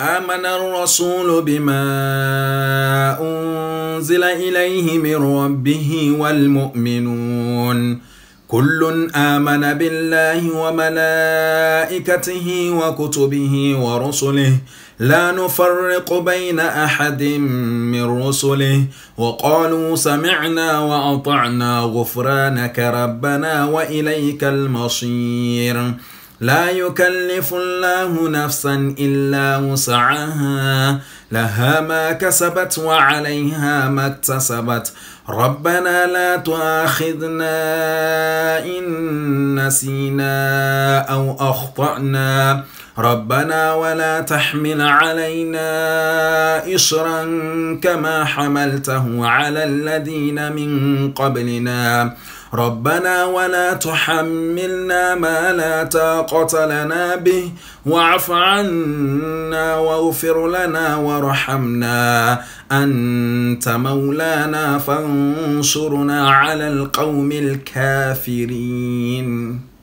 آمن الرسول بما أنزل إليه من ربه والمؤمنون كل آمن بالله وملائكته وكتبه ورسله لا نفرق بين أحد من رسله وقالوا سمعنا وأطعنا غفرانك ربنا وإليك المصير لا يكلف الله نفسا إلا وسعها لها ما كسبت وعليها ما اكتسبت ربنا لا تؤاخذنا إن نسينا أو أخطأنا ربنا ولا تحمل علينا إصرا كما حملته على الذين من قبلنا ربنا ولا تحملنا ما لا طاقة لنا به واعف عنا واغفر لنا وارحمنا أنت مولانا فانصرنا على القوم الكافرين